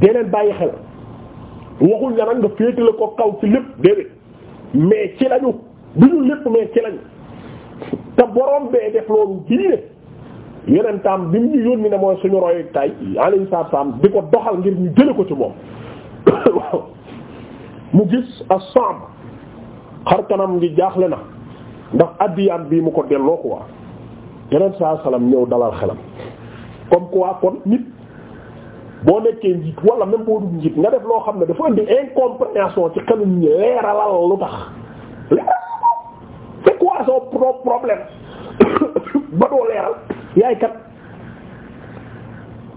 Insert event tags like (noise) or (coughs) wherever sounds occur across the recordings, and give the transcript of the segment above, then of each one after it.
dee leen bàyyi xel waxul nga nga féetale ko kaw ci lépp déedéet mais ci lañu du ñu lépp mais ci lañu te borom bee def loolu kii ne yonentam bi mu ñu yónni ne mooy suñu roy tay alayhi salaam di ko doxal ngir ñu jële ko ci moom (coughs) mu gis as-Sa'b xar kanam ngi jaaxle na ndax addiyaan bii mu ko delloo quoi yeneen saa salaam ñëw dalal xelam comme quoi kon nit boo nekkee njiit wala même boo dugg njiit nga def loo xam ne dafa indi incompréhension ci xelum ñi leeralal lu tax c'est quoi son problème (coughs) ba doo leeral yaay kat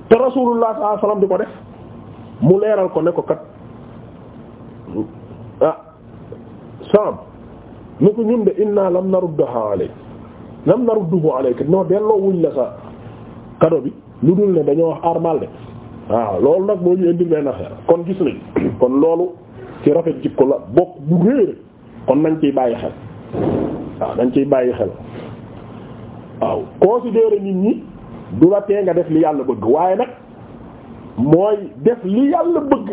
te rasulullah sallallahu alayhi wasallam di ko def mu leeral ko ne ko kat ah saam ni ko ñun de inna lam naruddaha alayk lam narudduhu alayk non la sa kado bi lu dul ne dañoo wax armal de waaw loolu nag moo ñu indi benn affaire kon gis nañ (coughs) kon loolu ci rafet jikko la bokk bu réer kon nañ ciy bàyyi xel waaw nañ ciy bàyyi xel waaw considérer nit ñi du la tee nga def li yàlla bëgg waaye nag mooy def li yàlla bëgg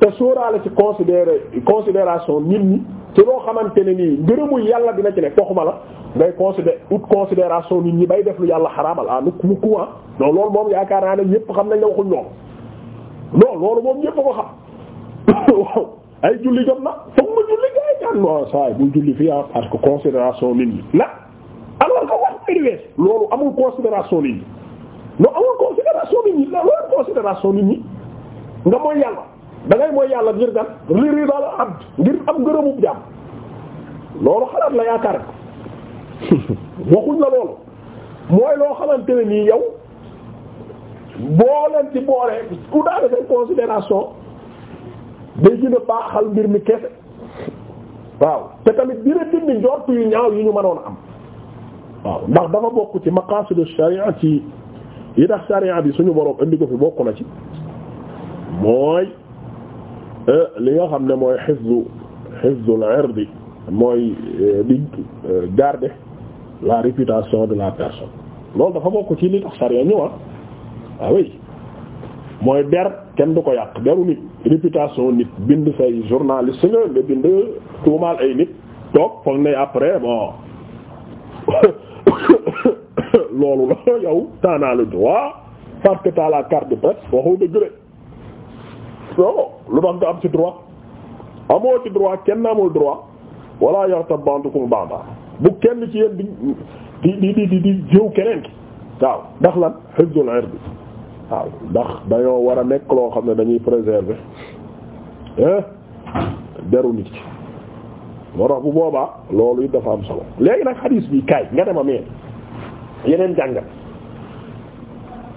te sóoraale ci considérer considération nit ñi ci loo xamante ne nii ngërëmul yàlla dina ci ne toxuma la ngay considérer out nit ñi bay def lu yàlla xaraamal ah nu mu kuwaan ah. non loolu moom yaakaar naa ne ñëpp xam nañ la waxuñ loolu non moom ñëpp ko xam (coughs) waaw ay julli jot na foog ma julli gaay ñaan non saa yi bu julli fii ah parce que considération nit ñi na alors que wax privé loolu amul considération nit ñi non amul considération nit ñi nit ñi nga mooy yàlla. da ngay mooy yàlla ngir gan li ridal abd ngir am gërëmu jaam loolu xalaat la yaakaar (laughs) waxuñ la loolu mooy loo xamante ne nii yow boo leen ci boole ku daal dafay considération day gën a baaxal mbir mi kese waaw te tamit dina dindi njortu yu ñaaw yu ñu mënoon am waaw ndax dafa bokk ci maqasidu sharia ci yi tax sharia bi suñu borom indi ko fi bokk na ci mooy. Euh, li nga xam ne mooy hifzu hifzul irdi mooy euh, di euh, garder la réputation de la personne loolu dafa bokk ci li tax sariya ñu wax ah, ah mooy der kenn du ko yàq deru nit réputation nit bind say journaliste nga nga bind tuumaal ay nit toog foog ne après bon (coughs) loolu la yow taanaa le droit parce que t'as la de presse waxu dëgg rek lu tax nga am ci droit amoo ci droit kenn amul droit wala yartab baax baax bu kenn ci yéen di di di di di jëw keneen ki waaw ndax lan hifzul ird waaw ndax dañoo war a nekk loo xam ne dañuy préserver deru nit ki moo tax bu boobaa loolu it dafa am solo léegi nag xadiis bi kaay nga dem meen yeneen jàngat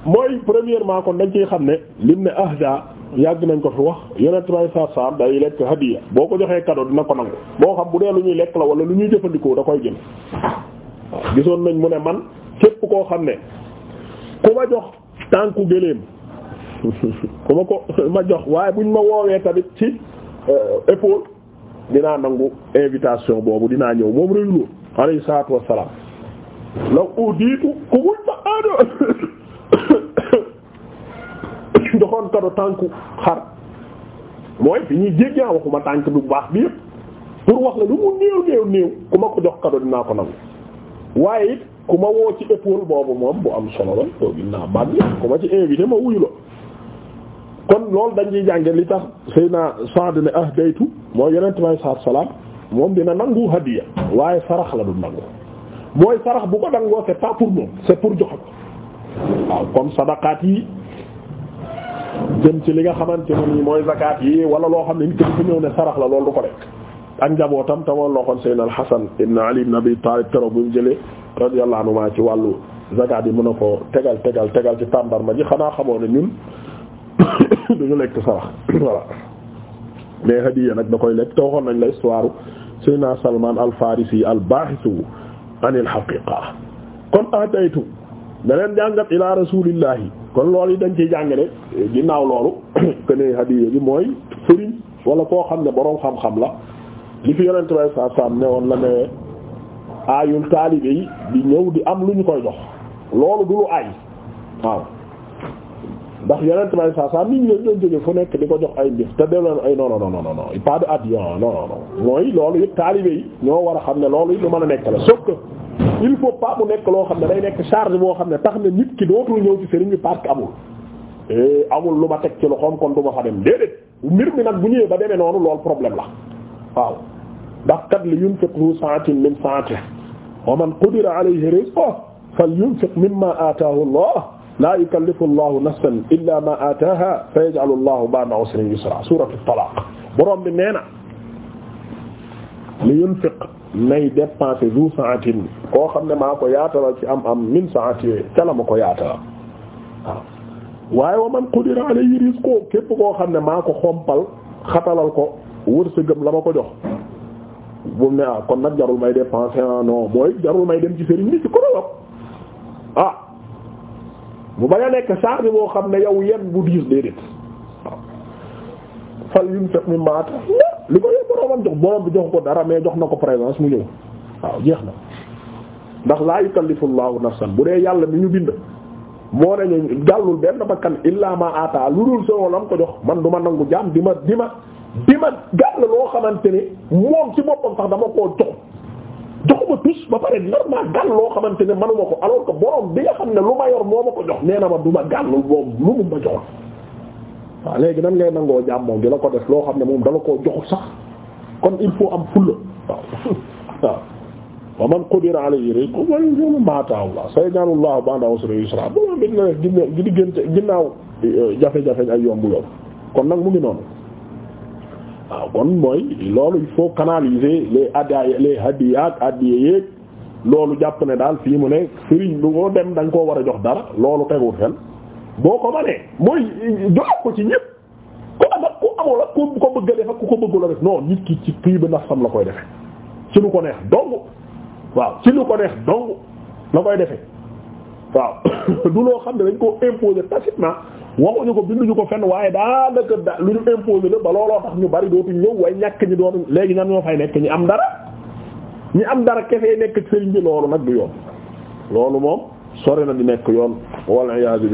mooy premièrement ko dañ ciy xam ne lim ne ahda yàgg nañ ko fi wax yonent bay saa saam day lekk hadiya boo ko joxee cadeau dina ko nangu boo xam bu dee lu ñuy lekk la wala lu ñuy jëfandikoo da koy gën waaw gisoon nañ mu ne man képp koo xam ne ku ma jox tànku gëléem ku ma ko (laughs) ma jox waaye buñ ma woowee tamit ci euh, épaule dinaa nangu invitation boobu dinaa ñëw moom rek loolu alayhi salaatu wassalaam law udiitu ku buñ ma aado ah, (laughs) (laughs) doxoon kado tànku xar mooy fi ñuy jéggi ah waxuma tànk bu baax bi yëpp pour wax la lu mu néew néew néew ku ma ko jox kado dinaa ko nangu waaye it ku ma woo ci épaule boobu moom bu am solo la to naa baat bi ku ma ci invité ma wuyu la kon loolu dañuy jànge li tax sëy naa Saad ne ahdaytu mooy yonent may saat salaam moom dina nangu hadiya waaye sarax la du nangu mooy sarax bu ko dangoo c'est pas pour moom c'est pour joxe ko waaw comme sadaqaat yi jëm ci li nga xamante ne mooy zakat yi wala loo xam ne nit ku ñëw ne sarax la lool du ko lekk ak njabootam te loolu loo xam Seydina al-Hasan Ali ibn Abi Talib keroog bu mu jëlee radiyallahu ci wàllu zakat yi mën a ko tegal tegal tegal ci tàmbarma ji xanaa xamoo na ñun (coughs) duñu lekk sarax (coughs) voilà mais hadiya nag da koy lekk te waxoon nañ la histoire Seydina Salman al-Farisi al-bahisu anil haqiqa kon ataytu da leen jàngat ila kon loolu yi dañ ciy jàngale ginnaaw loolu a (coughs) hadiya bi mooy sëriñ wala koo xam ne boroom xam-xam la li fi yonent bay saa saam ne woon la ne aayul taalibe yi di ñëw di am lu ñu koy jox loolu du lu ay waaw ndax yonent bay saa saam nit ñi dañ doon fu nekk di ko jox ay mbir te delloo ay non non mooy loolu yëpp taalibe yi ñoo war a xam ne loolu it lu mën a nekk la sauf que il faut pas mu nekk loo xam ne day nekk charge boo xam ne tax na nit ki dootul ñëw ci sëriñ bi parce que amul eh, amul lu ma teg ci loxoom kon du ma fa dem déedéet mi nag bu ñëwee ba demee noonu loolu problème la waaw ndax kat li yunfiqu sa'atin min sa'atihi wa man qudira alayhi rizquhu falyunfiq mimma ataahu Allah la yukallifu llahu nafsan illa ma ataaha fa yaj'alu llahu ba'da usrin yusra suratu talaq borom bi nee na li yunfiq nay dépenser zu saatin koo xam ne maa ko yaatalal ci am am min saati ca la ma ko yaatalal waaw waaye wa man qudira alayhi rizqu képp koo xam ne maa ko xompal xatalal ko wërsëgam la ma ko jox bu ne ah kon nag jarul may dépenser ah non mooy jarul may dem ci sëriñ ni ci konolog ah mu bañ a nekk charge boo xam ne yow yen bu diis déedéet waaw fal yunfiq mimma li ko yëpp boromam jox borom bi jox ko dara mais jox na ko présence mu ñëw waaw jeex na ndax laa yukallifu llahu nafsan bu dee yàlla mi ñu bind moo nañu gàllul benn bakkan illaa ma ata lu dul soo lam ko jox man du ma nangu jaam di ma di ma di ma gàll loo xamante ne moom ci boppam tax dama koo jox joxuma tus ba pare nar maa gàll loo xamante ne manuma ko alors que borom bi nga xam ne lu ma yor moo ma ko jox nee na ma du ma gàllul moom lu mu waaw léegi nan nangoo jàmmoo gi la ko def loo xam ne moom dala koo joxut sax kon il faut am fulla waaw (laughs) waaw man ko alayhi rizquhu falyutim maa ataahu Allah sayajalullaahu ba'da usrin yusra bu loolu bi la gi ginnaaw euh, jafe-jafe ay yombu yomb kon nag mu ngi noonu waaw kon mooy loolu il faut canaliser les addiya les hadiyaat addiya loolu jàpp ne daal fii mu ne sëriñ lu ko dem dañ koo war a jox dara loolu teguwul fenn boo ko manee mooy joxe ko ci ñëpp ku am ku amul ak ku ko bëgg a def ak ku ko bëggul a def nit kii ci kii ba nafsam la koy defe ci lu ko neex dong waaw ci lu ko neex dong la koy defe waaw (coughs) du loo xam ne dañ ko imposer tacitement waxuñu ko binduñu ko fenn waaye daanaka da lu ñu imposer la ba looloo tax ñu bari dootuñ ñëw waaye ñàkk ñi doon léegi ñan ñoo fay nekk ñi am dara ñi am dara kese nekk ak sëriñ bi loolu nag du yoon loolu moom sori na di nekk yoon wal iyaazu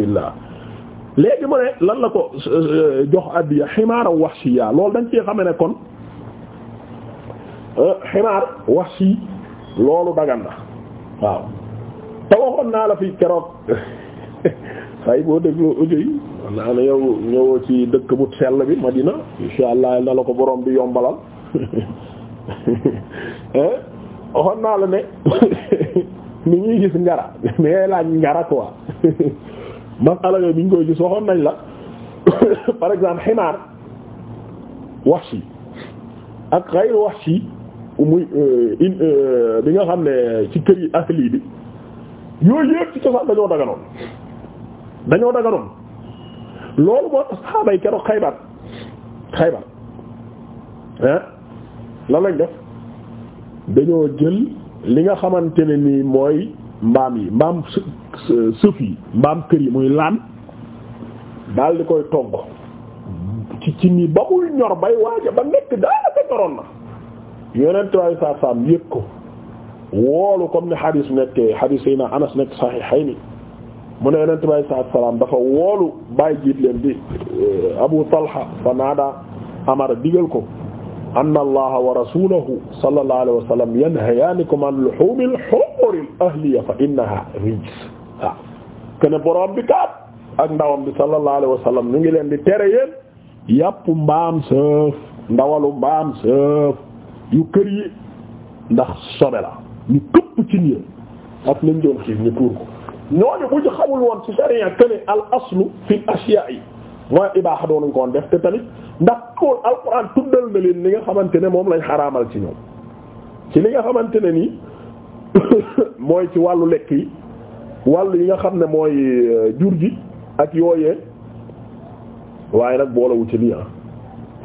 léegi ma ne lan la ko euh, jox addiya ximaara waxsiya loolu dañ cee xame ne kon euh, ximaar waxsi loolu dagan na waaw te waxoon naa la fi keroog (laughs) say boo déglu audio yi naa ne yow ñëwoo ci dëkk bu sell bi Madina insha allah na la ko boroom bi yombalal (laughs) waxoon naa la ne (laughs) ni ñuy gis ngara mais laaj ngara quoi masala yooyu bi ñu koy gis waxoon nañ la (coughs) par exemple ximaar wahshi ak ghayr wahshi muy euh, euh, bi nga xam ne ci kër yi asli bi yooyu yëpp ci cosaan dañoo daganoon dañoo daganoon loolu moo tax saxaaba yi Xaybar Xaybar ah lan lañ def dañoo jël li nga xamante ne nii mooy mbaam yi mbaam sëf yi mbaam kër yi muy laan daal di koy togg ci ci ni ba muy ñor waaja ba nekk daanaka ñoroon na yonent waayu saa woolu comme ni xadis nekkee xadis yi anas nekk saxiixayni mu ne yonent salaam dafa woolu bàyyi jiit leen di eh, abu talha fa naada amara digal ko anna allaha wa rasulahu sallallahu alayhi wa sallam yanhayaanikum an luhumil humuril ahliya fa innaha rijs waaw kene borom bi kat ak ndawam bi sallallahu alayhi wa sallam ñu ngi leen di tere yéen yàpp mbaam sëf ndawalu mbaam sëf yu kër yi ndax sobe la ñu këpp ci yéen ak nañ doon xiif ñu tuur ko ñooñu bu ñu xamul woon ci sharia kene al aslu fil ashiya yi mooy ibaaxa def te tamit ndax kool alquran tuddal na leen li nga xamante ne moom lañ xaraamal ci ñoom ci li nga xamante ne nii (coughs) mooy ci wàllu lekk yi wàll yi nga xam ne mooy euh, jur gi ak yooyee waaye nag boolewu ci lii ah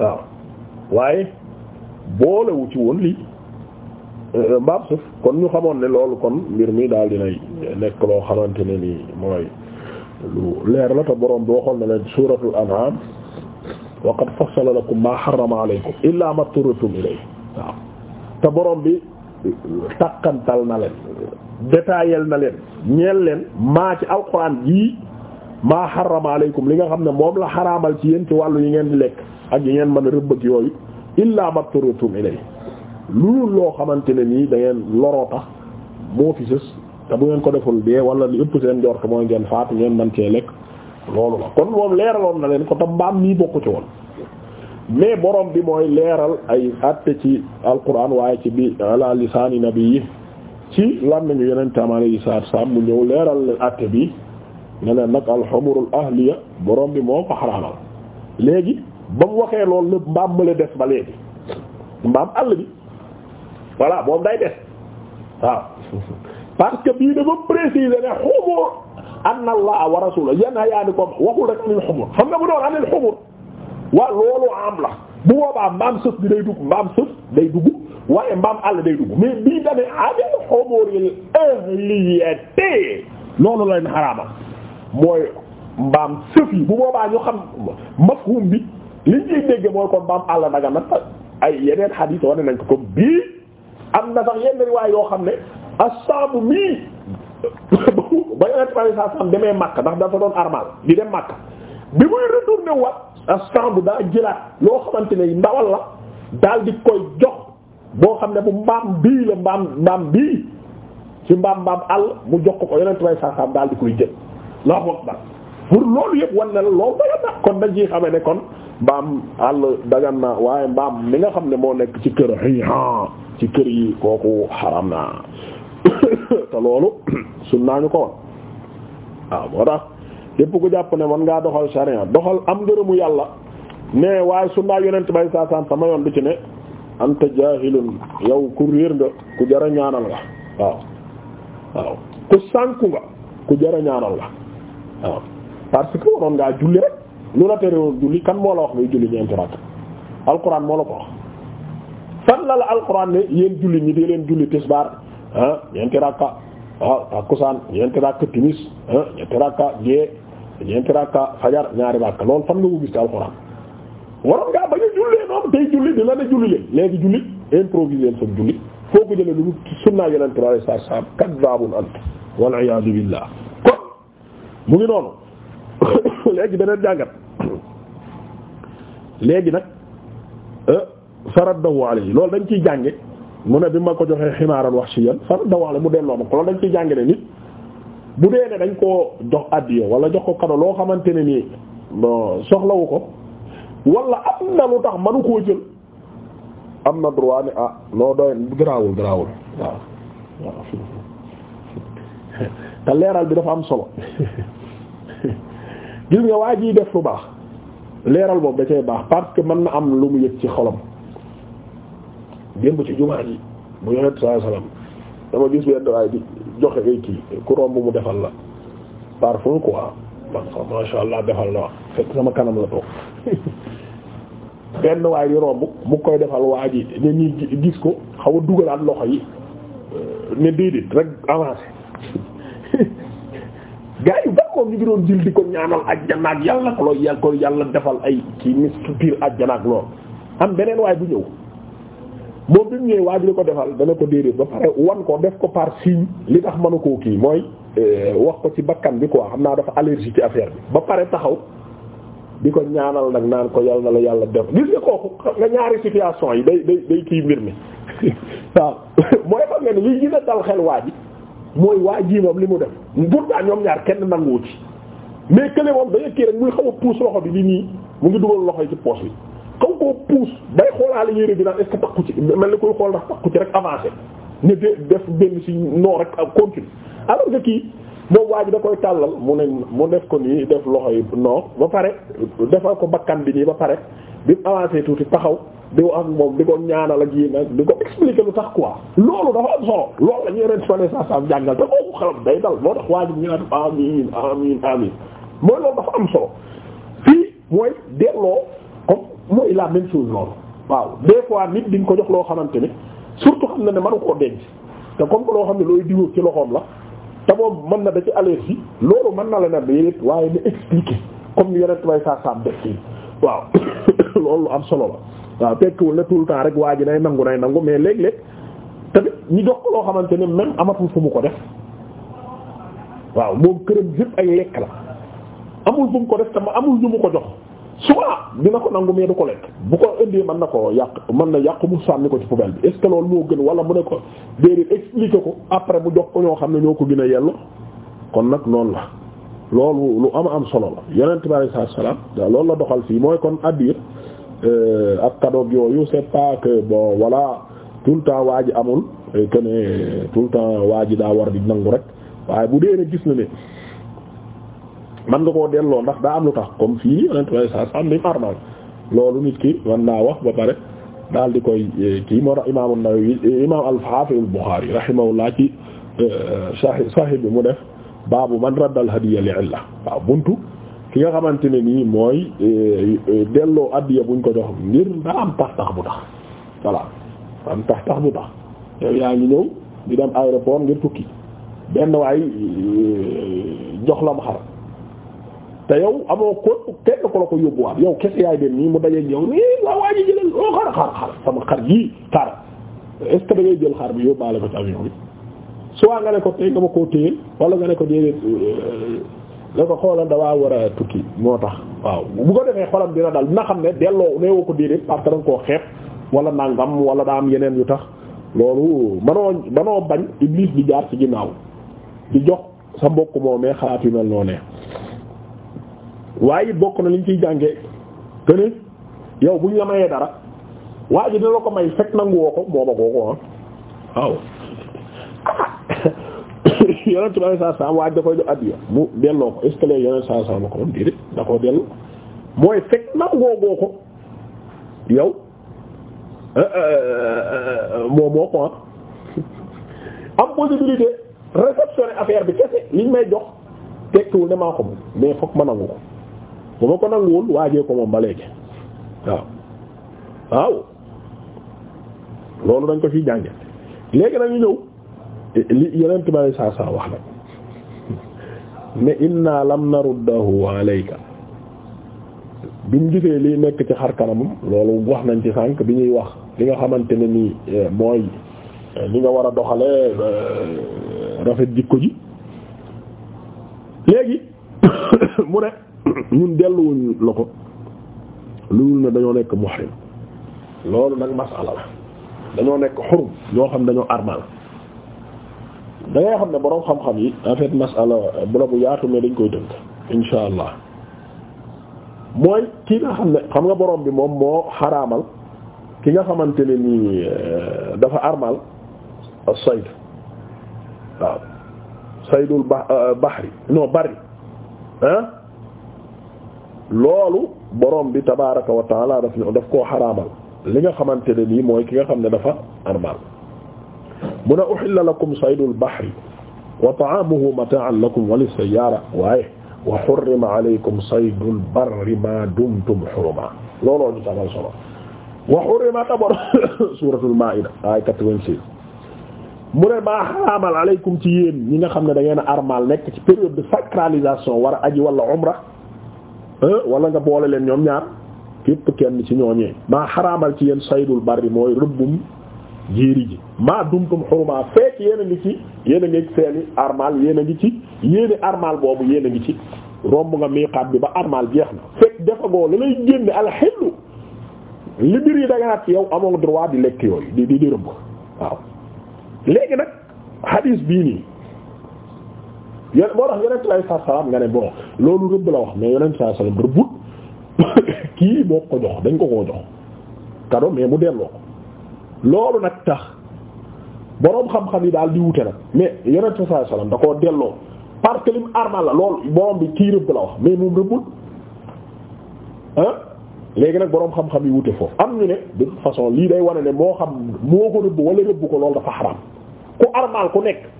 waaw waaye boolewu ci woon lii euh, mbaam suuf kon ñu xamoon ne loolu kon mbir mi daal dinay nekk loo xamante ne nii mooy lu leer la te boroom bi waxoon na leen suuratul an'am wa qad lakum ma harrama alaykum illa ma turtum ilayhi waaw te boroom bi takkantal na leen détaillel na leen ñeel leen maa ci al alquran jii maa xarama aleykum li nga xam ne moom la xaraamal ci yéen ci wàllu yi ngeen di lekk ak yi ngeen mën a rëbb ak yooyu illaa mabturatum ilay loolu loo xamante ne nii dangeen ngeen loroo tax moo fi sës te bu ngeen ko deful dee wala li ëpp seen njort mooy ngeen faatu ngeen mën cee lekk loolu la kon moom leeraloon na leen ko tam mbaam nii bokkut ci woon mais borom bi mooy leeral ay àtte ci alquran waaye ci bi ala ci làmmiñu yonentam alayhi salaatu salaam mu ñëw leeral leen àtte bi ne leen nag alxamurul ahliya borom bi moo ko xaraamal léegi ba mu waxee lool lépp mbaam mële des ba léegi mbaam àll bi voilà moom day des waaw (laughs) parce que bii dafa préciser ne xumur anna allah wa rasulahu yanhayaanikum waxul rek anil xumur xam nga bu doon anil xumur am la bu boobaa mbaam sëf bi day dugg mbaam sëf day dugg waaye mbaam àll day dugg mais bii dane adil xomóoril ahliyati loolu lañ xaraamal mooy mbaam sëf yi bu boobaa ñu xam mafhum bi liñ ciy dégg mooy kon mbaam àll daga nag ay yeneen xadiis wane nañ ko comme bii am na sax yenn riwaay yoo xam ne asaabu mii ba yonent bi sallallahu alayhi wasallam demee Makka ndax dafa doon armal di dem Makka bi muy retourné wat askan daa jëlaat loo xamante ne ndawal la daal di koy jox boo xam ne bu mbaam bii la mbaam mbaam bii ci mbaam mbaam àll mu jox ko ko yeneen tubay saasaam daal di koy jël loo xam pour loolu yëpp wan na la loolu dagan na kon dañ ciy xamee ne kon mbaam àll dagan na waaye mbaam mi nga xam ne moo nekk ci kër yi ci kër yi kooku xaram na (coughs) te loolu (coughs) suñ naa ñu ko woon waaw ah, moo tax képp ku jàpp ne man ngaa doxal sharia doxal am ngërëmu yàlla ne waaye sunnaa yonent bay saa sama yoon du ci ne anta jaahilun yow ku réer nga ku jara nga waaw ku sànku nga ku jara nga waaw parce que waroon ngaa julli rek lu la tere julli kan moo la wax ngay julli ñeenti rakk alquran moo la ko wax fan la la alquran ne yéen julli ñi di leen julli tisbaar ah, ñeenti rakka waaw takkusaan ñeenti rakka timis ah, ñeenti rakka gée ñeenti rakka fajar ñaari rakka loolu fan nga ko gis ci alxuraan waroon ngaa bañ a jullee noonu tey julli dina ne julli leen léegi julli improviser sa julli foo ko jëlee lu mu sunnaa yeneen trois saa saam kaddaabun ant wal iyaadu billaah kon mu ngi noonu (coughs) léegi beneen jàngat (coughs) léegi nag euh, faraddahu alayhi loolu dañ ciy jànge mu ne bi ma ko joxee ximaaran wahshiyan faraddahu alayhi mu delloo ma ko loolu dañ ciy jànge ne nit bu dee ne dañ koo jox addiya wala jox ko kado loo xamante ne nii soxlawu ko wala am na lu tax manu koo jël am na droit ne ah noo doy garaawul garaawul waaw waaw (laughs) te leeral bi dafa am solo (laughs) gis nga waa jiy def lu baax leeral boobu da cay baax parce que mën na am lu mu yëg ci xolam démb ci jumaa ji bu yonent sallallahu alayhi dama gis benn waay bi joxe ay kii ku romb mu defal la parfum quoi man sax masha Allah defal la wax fekk sama kanam la toog (laughs) benn waay di romb mu koy defal waa ji ne ñuy gis ko xaw a dugalaat loxo yi euh, ne déedéet rek avancé (laughs) gars yi bàkkoom ngi doon jël di ko ñaanal ajjana ak yàlla ko loolu yàlla ko yàlla defal ay kii mistu piir ajjana ak lool am beneen waay bu ñëw moom bi mu ñëwee waaj li ko defal dana ko déedéet ba pare wan ko def ko par signe li tax mënu koo kii mooy euh, wax ko ci bakkan bi quoi xam naa dafa allergie ci affaire bi ba pare taxaw di ko ñaanal nag naan ko yàlla na la yàlla def gis nga kooku nga ñaari situation yi day day day kii mbir mi (laughs) waaw (laughs) mooy xam nga ne liy gën a dal xel waa mooy waa ji moom li mu def pourtant ñoom ñaar kenn nanguwu ci mais kële moom dañu kii rek muy xaw a puus loxo bi li nii mu ngi dugal loxo ci poche bi xaw koo puus bay xoolaale yére bi naan est-ce ci mel ni koy xool ndax takku ci rek avancé ne def benn si non rek continue alors que kii moom waa da koy tàllal mu ne mu def ko nii def loxo yi non ba pare defal ko bakkan bi nii ba pare bi avancé tuuti taxaw di am moom di ko ñaanal la yéen ak di ko expliquer lu tax quoi loolu dafa am solo loolu la ñuy ren fane sa sam jàngal te kooku xalam day dal moo tax waa ji ñaan amin amin amin mooy loolu dafa am solo mooy la même chose loolu waaw des fois nit di nga ko jox loo xamante ne surtout xam na ne manu koo denc te comme que loo xam ne looy diwóor ci loxoom la te moom mën na de ci allergie loolu mën na la na déedéet waaye ni expliquer comme ni yonent bay saa saam def ci waaw (coughs) loolu lu am solo la waaw tekkiwul ne tout le temps rek waa ji nay nangu nay nangu mais léeg-léeg tamit ñi jox ko loo xamante ne même amatul fu mu ko def waaw moom këram yëpp ay lekk la amul ko def te amul ñu ko jox suba dina ko nangu mais du ko lekk bu ko indee man na ko yàq mën na yàq mu sànni ko ci poubelle bi est loolu moo gën wala mu ne ko déedéet expliquer ko après bu jox ko ñoo xam ne ñoo ko gën a kon nag noonu la loolu lu am am solo la yonent bi sallallahu alayhi wasallam loolu la doxal fii mooy kon addiya euh, ak cadeau yooyu c'est pas que bon wala tout le temps waa ji amul que ne tout le temps waa ji daa war bi nangu rek waaye bu dee ne gis na ne. man nga koo delloo ndax daa am lu tax comme fii yonent way sa am li armal loolu nit ki man naa wax ba pare daal di koy eh, kii moo tax imaamu Nawawi imaam eh, al-Hafiz al-Bukhari rahimahullah ci eh, sahih bi mu def baabu man raddal hadiya li illa waaw buntu ki nga xamante ne nii mooy delloo addiya buñ ko jox ngir daa am tax tax bu tax voilà am tax tax bu tax yaa ngi ñëw di dem aéroport ngir tukki benn waay jox la xar te yow amoo ko kenn ko la ko yóbbuwaat yow kese yaay nii mu dajeeg yow nii waa waa ji jëlal xar xar xar sama xar yii xar est ce da ngay jël xar bi yóbbaale ko ci avion bi soit nga ne ko tey nga ma koo téye wala nga ne ko déedéet la euh, ko war a moo tax waaw bu ko defee xolam dina dal dina xam ne delloo neewoo ko déedéet parce que da koo xeeb wala nangam wala daa am yeneen yu tax loolu manoo manoo bañ iblis bi jaar ci ginnaaw di jox sa mbokk moomee xalaat yu mel noonee waaye bokk na liñ ciy jàngee que ne yow buñ la mayee dara waa ji dina la ko may fekk nangu woo ko booba kooku ah waaw (coughs) waa ji da koy jox addiya mu delloo ko est ce que ma ko doon dellu mooy fekk nangoo goo ko yow euh, euh, euh, moom moo ko ah. (laughs) am possibilité réceptionner affaire bi kese liñ may jox tekkiwul ne maa ko moom mais fokk ma nangu ko. bu ma ko nanguwul waajee ko moom ba léegi waaw waaw loolu dañ ko ciy jànge léegi nag ñu ñëw li yeneen tubaab yi saa saa wax nag ne inna lam naruddahu alayka bi mu gisee li nekk ci xar kanamam loolu wax nañ ci sànq bi ñuy wax li nga xamante ne eh, eh, ni mooy li nga war a doxalee eh, rafet jikko ji léegi (coughs) mu ne. ñun delluwuñ la ko luwul ne dañoo nekk muhrim loolu nag masala la dañoo nekk xurum ñoo xam dañoo armal da ngay xam ne boroom xam-xam yi en fait masala bu la bu yaatu ma dañ koy tënk insha allah mooy ki nga xam ne xam nga boroom bi moom moo xaraamal ki nga xamante ne nii euh, dafa armal as-sayd waaw saydul ba euh, bahri non bari loolu borom bi tabaaraka wa taala daf ñu daf koo xaraamal li nga xamante ne nii mooy ki nga xam ne dafa armal mun a uhilla lakum saydul bahri wa ta'amuhu mata'an lakum wa lis-sayyara waaye wa hurrima alaykum saydul barri ma dumtum hurma looloo ñu tamal solo wa hurrima tabar (coughs) suuratul maa'ida ay 86 mu ne maa xaraamal alaykum ci yéen ñi nga xam ne da ngeen a armal nekk ci période de sacralisation war a aji wala umra Euh, wala nga boole leen ñoom ñaar képp kenn ci ñooñee maa xaraamal ci yéen saydul bari mooy rëbbum jéeri ji maa dumtum xurumaa fekk yéen ngi ci yéen a ngi seeni armal yéen a ngi ci yéeni armal boobu yéen a ngi ci romb nga miiqaat bi ba armal jeex na fekk defagoo la lay génne alxillu li bir danga naat yow amoo droit di lekk yooyu di di di rëbb waaw léegi nag hadis bii nii yéen boo tax yonent lay saa salaam nga ne bon loolu rëbb la wax mais yonent saa rëbbut (laughs) kii boo ko jox dañ ko koo jox kado mais mu delloo ko loolu nag tax boroom xam-xam yi daal di wute nag mais yonent saa da koo delloo parce que lim armal la loolu borom bi kii rëbb la wax mais moom rëbbut ah léegi nag boroom xam-xam yi wute foofu am ñu ne de toute façon lii day wane ne moo xam moo ko rëbb wala rëbb ko loolu dafa xaram ku armal ku nekk.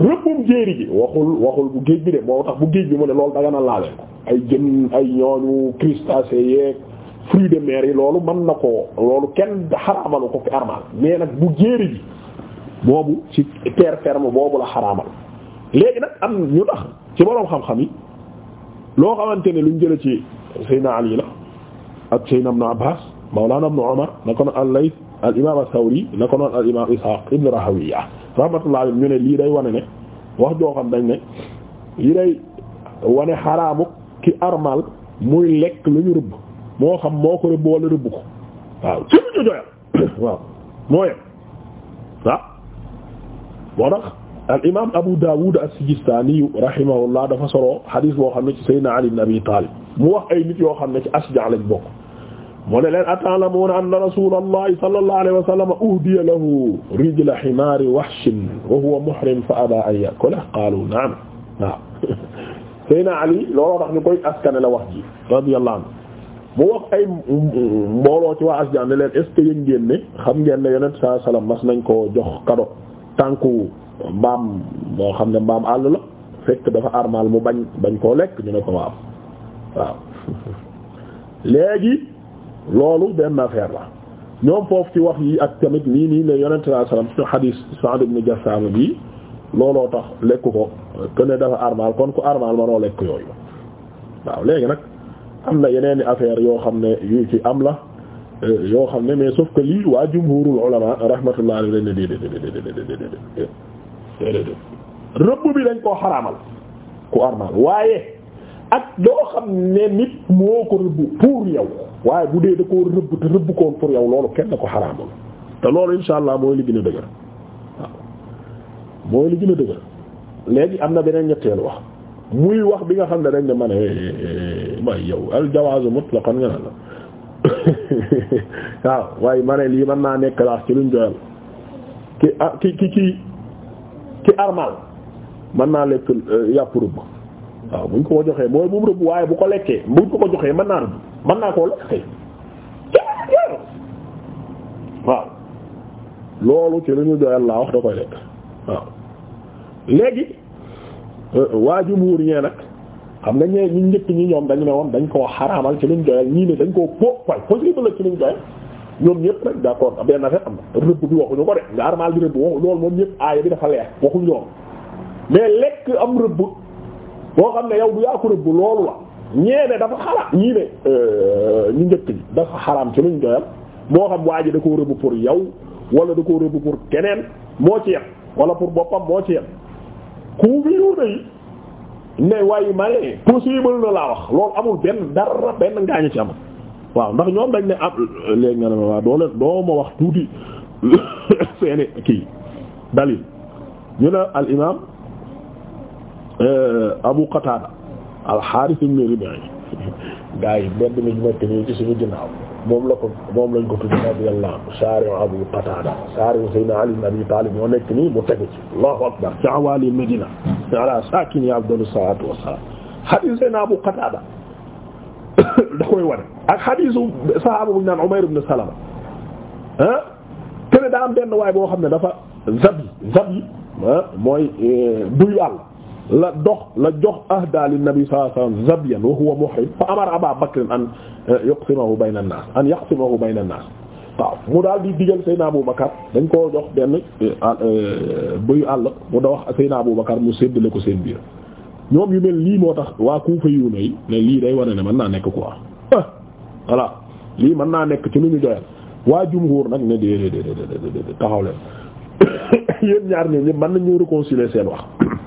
rëbbum jéeri ji waxul waxul bu géej bi de moo tax bu géej bi mu ne loolu da na laale ko ay jën ay ñooñu crustacés yeeg fruits de mer yi loolu man na ko loolu kenn xaraamal ko fi armal mais nag bu jéeri ji boobu ci terre ferme boobu la xaraamal léegi nag am ñu tax ci boroom xam-xam yi loo xamante ne luñ jële ci Seydina Ali la ak Seydina Ibn Abbas Mawlana Ibn Umar na ko noon al-Layth al imam as-Sawri na ko noon al imam Ishaq ibn Rahawiya rahmatullah ñu ne lii day wane ne wax joo xam dañ ne lii day wane xaraamu ki armal muy lekk lu rëbb moo xam moo ko rëbb wala rëbb ko waaw ci ñu joyal (coughs) waaw moo yem waaw moo tax al imam Abu Dawud as-Sijistani rahimahullah dafa solo xadiis boo xam ne ci Seydina Ali ibn Abi Talib mu wax ay nit yoo xam ne ci asja lañ bokk mu ne leen ata'lamuuna anna rasuulallahi sallallahu alayhi wa sallam uhdiya lahu rijla himaari wahshin wa huwa muhrim fa abaa an ya'kulahu qaaluu na'am waaw (laughs) Seydina Ali looloo tax ñu koy askane la wax ji radiyallahu anhu mu wax ay mbooloo ci waa askan ne leen est ce que yéen ngeen ne xam ngeen ne yonent saa salaam mas nañ koo jox kado tànku mbaam moo xam ne mbaam àll la fekk dafa armal mu bañ bañ koo lekk ñu ne ko waaw waaw (laughs) léegi loolu benn affaire la ñoom foofu ci wax yi ak tamit lii nii ne yonent sallallahu alayhi wasallam suñu xadiis Sa'd bi looloo tax lekk ko que ne dafa armal kon ku armal manoo lekk yooyu waaw léegi nag am na yeneen i affaire yoo xam ne yu ci am la euh, yoo xam ne mais sauf que lii waa jumhurul ulama rahmatullah alayhi rëbb bi dañ koo xaraamal ku armal waaye ak loo xam ne nit moo ko rëbb pour yow waaye bu dee da koo rëbb te rëbb koon pour yow loolu kenn ko xaraamul te loolu insha allah mooy li gën a dëgër mooy li gën a dëgër léegi am na beneen ñetteel wax muy wax bi nga xam ne dañ ne ma ne may eh, eh, eh, al jawaazu mutlaqan nga la (laughs) waaw waaye ma lii man naa nekk laas ci luñ joyal ah, ki ki ki ki armal mën naa lekk yàpp rëbb waaw buñ ko ko joxee mooy bu mu rëbb waaye bu ko lekkee buñ ko ko joxee mën naa rëbb mën naa koo lekk kay ñu wax koy lekk waaw léegi euh, waa jumhuur ñee nag xam nga ñu njëkk ñi ñoom dañu dañ koo xaraamal ci luñ doyal dañ koo po way possible la ci luñ doyal ñoom ñëpp nag d'accord benn ko de nga armal di rëbb waxu loolu aaya bi dafa leer waxuñ mais lekk am rëbb boo xam ne yow bu yaa ko rëbb loolu la ñee ne dafa xaraam ñii ne euh, ñu njëkk ji dafa xaraam ci luñ doyal moo xam waa ji da koo rëbb pour yow wala da koo rëbb pour keneen moo ci yem wala pour boppam moo ci yem ku bi yuuna yi ne waaye ma ne possible na laa wax loolu amul benn dara benn ngaañu ci amul waaw ndax ñoom dañ ne ab léegi nga ne ma waa doo leen ma wax tuuti (coughs) seeni kii dalil ñu ne al imaam Euh, Abu Qatada al-Harith ibn Rib'i (laughs) gaa yi bedd mi nekk nii ci suñu ginnaaw moom la ko moom lañ ko tudd radiyallahu anhu shari'u Abu Qatada shari'u Sayyidina Ali ibn Abi Talib moo nekk nii mu tegu ci Allahu akbar ci awali Medina ala sakini afdalu salatu wassalam hadith Sayyidina Abu Qatada (coughs) da koy wane ak hadithu sahaba bu ñu naan Umayr ibn Salama ah te ne daa am benn waay boo xam ne dafa zabi zabi mooy duyu euh, àll la dox la jox ahda li nabi sallallahu alayhi wasallam zabyan wa huwa muhrim fa amara aba bakr an eh, yaqsimahu bayna an-nas an yaqsimahu bayna an-nas waaw mu daal di digal Seydina Aboubacar dañ koo jox benn eh, eh, bëyu àll mu da wax Seydina Aboubacar mu séddale ko seen biir ñoom yu mel lii moo tax waa ku yu ne ne lii day wane ne mën naa nekk quoi ah, voilà lii mën naa nekk ci lu ñu doyal waa jumhuur nag ne déedéet déedéet taxaw leen (coughs) yéen ñaar ñoom ñëpp mën nañu réconcilier seen wax. (coughs)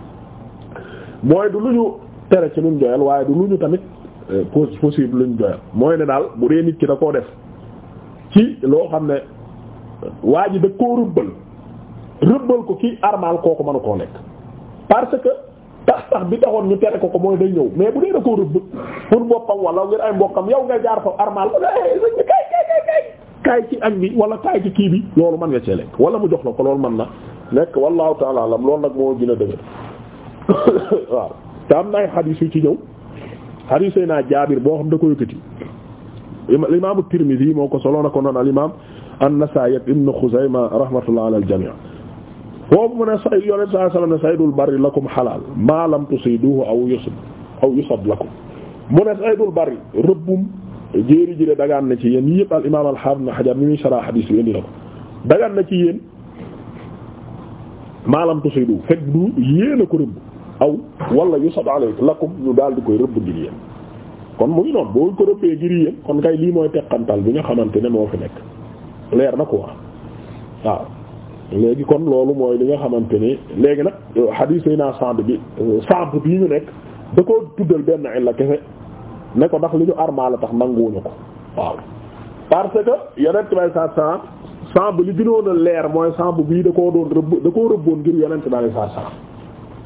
mooy du lu ñu tere ci luñ joyal waaye du lu ñu tamit euh, possible luñ joyal mooy ne daal bu dee nit ki da koo def ci loo xam ne waa ji da koo rëbbal rëbbal ko kii armal kooku mënu koo lekk parce que tax tax bi taxoon ñu tere ko ko mooy day ñëw mais bu dee da koo rëbb pour boppam wala ngir ay mbokkam yow nga jaar fa armal ko eh, kay kay kay kay kaay ci ak bi wala kaay ci kii bi loolu mën nga cee lekk wala mu jox la ko loolu mën na nekk wallahu taala alam loolu nag moo gën a dëgër (coughs) waaw te am na ay xadiis yu ci ñëw naa jaabir boo xam da ko yëkkati al imaamu moo ko solo na ko noon al imaam an-Nasaa'i ibn Xuzayma rahmatullah ala al jamii mu ne sa yonent saa sallam ne lakum xalaal maa lam tusiduhu aw yusab lakum mu ne saydul barri rëbbum jéeri ji de dagaan na ci yéen yëpp al imaam al-Haafiz ibn Hajar mi muy sara xadiis dagaan na ci yéen maa lam tusiduhu fekk du yéen a ko aw wala yusab alayk lakum ñu daal di koy rëbb ngir yéen kon mu ngi noonu boo ko rëbbee ngir yéen kon kay lii mooy teqantal bi nga xamante ne moo fi nekk leer na ko wax waaw léegi kon loolu mooy li nga xamante ni léegi nag hadis yi naa sand bi sand bi ñu nekk da koo tuddal benn illa kese ne ko ndax li ñu armaa la tax nanguwuñu ko waaw parce que yonent bay sa san sand li gënoon a leer mooy sand bii da koo doon rëbb da koo rëbboon ngir yonent bay sa san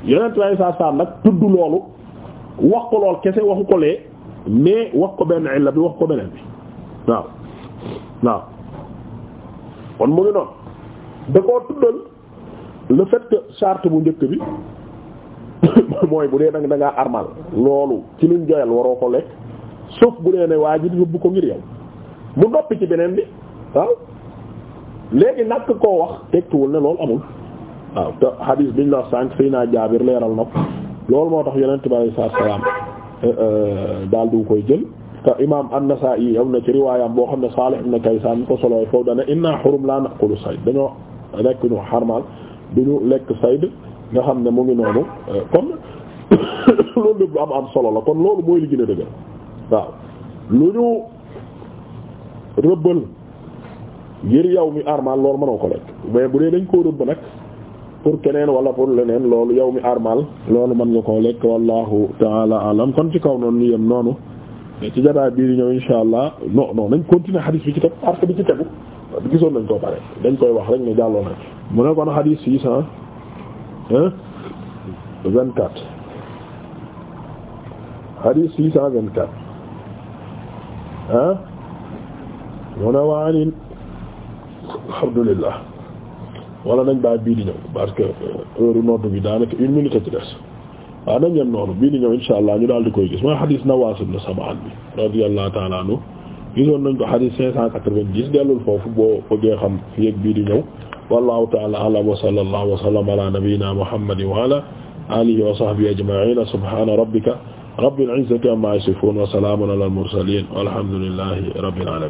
yeneen tubaab yi saa saa nag tudd loolu wax ko lool kese waxu ko lee mais wax ko benn illa bi wax ko beneen bi waaw waaw kon mu ngi noonu da koo tuddal le fait que bu njëkk bi (coughs) mooy bu dee da ngaa armal loolu ci luñ joyal waroo ko lekk sauf bu dee ne waa ji yóbbu ko ngir yow mu noppi ci beneen bi waaw léegi nak koo wax tekkiwul ne loolu amul. waaw te xadiis biñ la wax fii naa jaabir leeral na loolu moo tax yonent bi alayhi salaam eh, eh, daal du koy jël te imaam an-Nasaa'i am na ci riwaayam boo xam ne Saalih ibn Kaysaan ko solooy foofu dana inna xurum laa naqulu sayd dañoo lekk ñu xarmal duñu lekk sayd nga xam ne mu ngi noonu eh, kon (coughs) loolu lu am am solo la kon loolu mooy li gën a dëgër waaw lu ñu rëbbal ngir yow mi armal loolu mënoo ko lekk mais bu dee dañ koo rëbb nag pour keneen wala pour leneen loolu yow mi armal loolu mën nga koo lekk wallahu taala alam kon ci kaw noonu ñu yem noonu ci jotaay bii di ñëw insha allah non non nañ continuer hadith bi ci teg parce que ci tegu gisoon nañ koo pare dañ koy wax rek ne jàlloo nañ mu ne kon hadith six cent vingt quatre hadith six cent vingt quatre ah mu ne waa niin alhamdulillah wala nañ ba bii di ñëw parce que euh, heure nodd bi daanaka une minute ci des waaw nañ leen noonu bii di ñëw insha allah ñu daal di koy gis mooy xadis Nawaas ibn Sam'aan bi radiyallahu ta'ala anhu gisoon nañ ko xadis 590 dellul foofu boo bëggee xam fi ak bii di ñëw wallahu ta'ala a'lam wa sallallahu wa sallam ala nabiyyina muhammadin wa ala alihi wa sahbihi ajma'in subhana rabbika rabbil izzati amma yasifun wa salamun ala al mursalin walhamdulillahi rabbil alamin